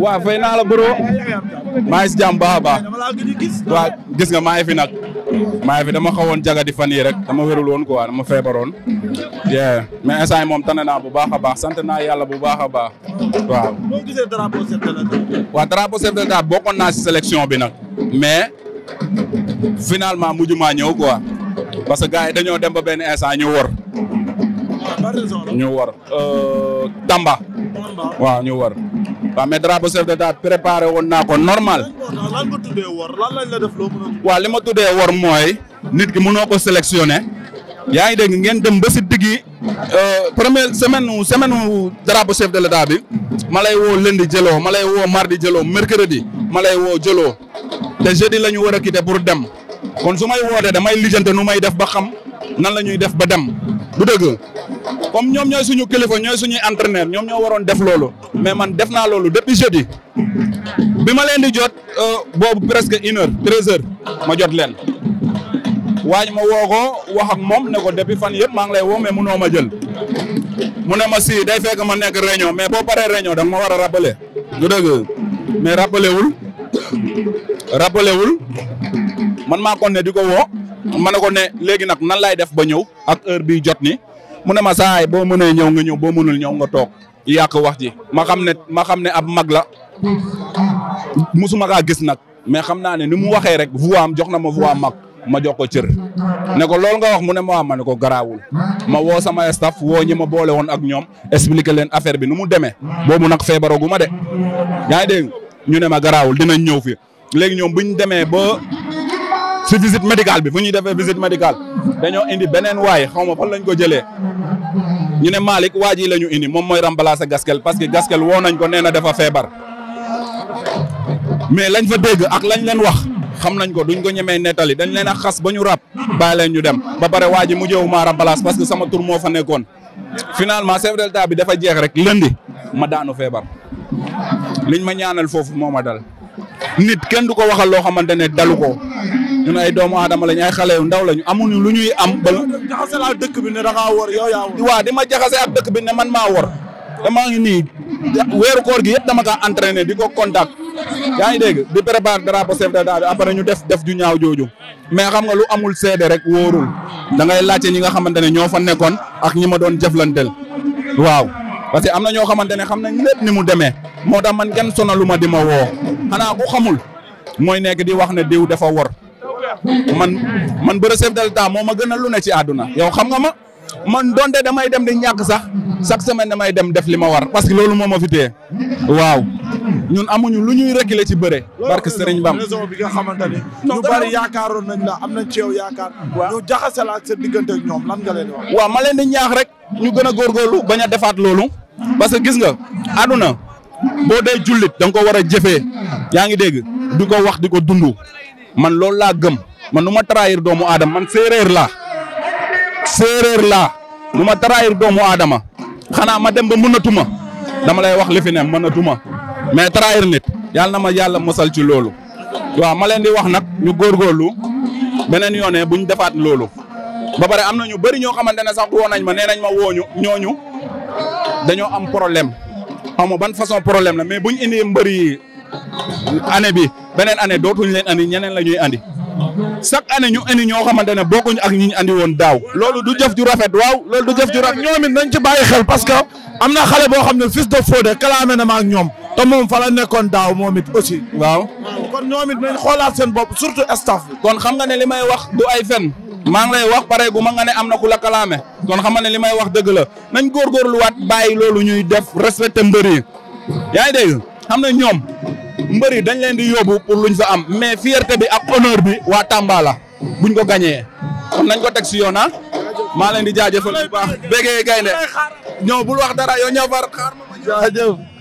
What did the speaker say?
waaw fay naa la bro maa ngi si jàmm baax gis nga maa ngi fi nag maa ngi fi dama xawoon jaga di fan yii rek dama wérul woon quoi dama feebaroon yeah mais instant yi moom tane naa bu baax a baax sant naa yàlla bu baax a baax waaw. noo gisee drapeau naa si sélection bi nag mais finalement mujj maa ñëw quoi parce que gars yi dañoo dem ba benn instant ñu wor ah, ñu wor euh, Tamba waaw ñu wor waaw mais drapeau chef de l'État préparé woon naa ko normal. lan nga tuddee wor lan li ma tuddee wor mooy. nit ki noo ko sélectionné. yaa ngi dégg ngeen dem ba si diggi euh, première semaine wu semaine wu drapeau chef de l'État bi. ma lay woo lundi jëloo ma lay woo mardi jëloo mercredi ma lay woo jëloo te jeudi la ñu war a quitté pour dem kon su may wootee damay lijjante nu may def ba xam nan la ñuy def ba dem du dëgg. comme ñoom ñoo suñu kilifa ñooy suñuy entraîneur ñoom ñoo waroon def loolu mais man def naa loolu depuis jeudi bi ma leen di jot euh, boobu presque une heure ma jot leen waañ ma woo ko wax ak moom ne ko depuis fan yëpp maa ngi lay woo mais munoo ma jël mu ne ma si day fekk ma nekk réunion mais boo paree réunion da nga ma war rabale rappeler du dëgg mais rappelé wul rappelé wul man maa kon ne di ko woo ma ne ko ne léegi nag nan laay def ba ñëw ak heure bi jot ni mu ne ma saay boo mënee ñëw nga ñëw boo mënul ñëw nga toog yàq wax ji ma xam ne ma xam ne ab mag la musuma kaa gis nag mais xam naa ne ni mu waxee rek voix am jox na ma voix mag ma jox ko cër ne ko loolu nga wax mu ne ma waa ma ne ko garaawul ma woo sama staff woo ñi ma boole woon ak ñoom expliquer leen affaire bi nu mu demee boobu nag feebaroogu ma de yaa ngi dégg ñu ne ma garaawul dinañ ñëw fi léegi ñoom bu ñu demee si visite médicale bi fu ñuy defee visite médicale dañoo indi beneen waay xaw ma fan lañ ko jëlee ñu ne Malick waa ji la ñu indi moom mooy remplacer Gaskel parce que Gaskel woo nañ ko nee na dafa feebar. mais lañ fa dégg ak lañ leen wax xam nañ ko duñ ko ñemee nettali dañ leen a xas ba ñu rab bàyyi ñu dem ba pare waa ji mujjee wu ma parce que sama tur moo fa nekkoon. finalement chef de taa bi dafa jeex rek lëndi ma daanu feebar liñ ma ñaanal foofu moo ma dal nit kenn du ko waxal loo xamante ne dalu ko. ñun ay doomu aadama lañ ay xale yu ndaw lañu amuñu lu ñuy am. ba jaxase laa da ngaa wor yow yaa wor. ma jaxase ak dëkk bi ne man maa wor. damaa ngi weeru koor gi yëpp dama kaa entraîné di ko contact yaa ngi dégg di préparer drapeau chef de daal après ñu def def ju ñaaw jooju mais xam nga lu amul seede rek wóorul da laajte ñi nga xamante ne ñoo fa nekkoon ak ñi ma doon jëflanteel waaw parce que am na ñoo xamante ne xam na lépp ni mu demee moo tax man kenn sonaluma di ma woo xanaa ku xamul mooy nekk di wax ne diw dafa man man bëre chef de l'État moo ma gën a lu ne ci àdduna yow xam nga ma man donte damay dem di ñàkk sax chaque semaine damay dem def li ma war parce que loolu moo ma fi téye waaw ñun amuñu lu ñuy reculer ci bëre. barke Serigne Bam raison bi nga xamante ni. ñu bari yaakaaroon nañ am nañ ci yow yaakaar. waaw ñu jaxase la ak sa diggante ak ñoom lan nga leen wax. waaw ma leen di ñaax rek ñu gën a góorgóorlu bañ a defaat loolu. parce que gis nga àdduna boo dee jullit da ko war a jëfee yaa ngi dégg du ko wax di ko dund. man loolu laa gëm man nu ma trahir doomu aadama man séeréer la séeréer laa nu ma trahir doomu aadama xanaa ma dem ba mënatuma dama lay wax li fi ne mënatuma mais trahir nit yàlla na ma yàlla mosal ci loolu. waaw ma leen di wax nag ñu góorgóorlu beneen yoonee buñ defaat loolu ba pare am na ñu bëri ñoo xamante ne sax woo nañ ma nee nañ ma wooñu ñooñu dañoo am problème xaw ban façon problème la mais buñ indi mbëri yi année bi beneen année dootuñ leen andi ñeneen la ñuy andi chaque année ñu indi ñoo xamante ne bokkuñ ak ñi ñu andi woon daaw loolu du jëf ju rafet waaw loolu du jëf ju rafet ñoom nañ ci bàyyi xel parce que am na xale boo xam ne fils de Fodé kalaame na ma ñoom te moom fa la nekkoon daaw moom it aussi waaw kon ñoom nañ xoolaat seen bopp surtout staff bi kon xam nga ne li may wax du ay fen maa ngi lay wax pare gu ma nga ne am na ku la kalaame kon xam nga ne li may wax dëgg la nañ góorgóorluwaat bàyyi loolu ñuy def respecté mbër yi yaa ngi dégg xam na ñoom mbër yi dañ leen di yóbbu pour luñ fa am mais fierté bi ak honneur bi waa Tamba la buñ ko gagné kon nañ ko teg si yoon ah maa leen di jaajëfal bu baax bégee gaynde ñëw wax dara yo ñëw far xaar ma jaajëf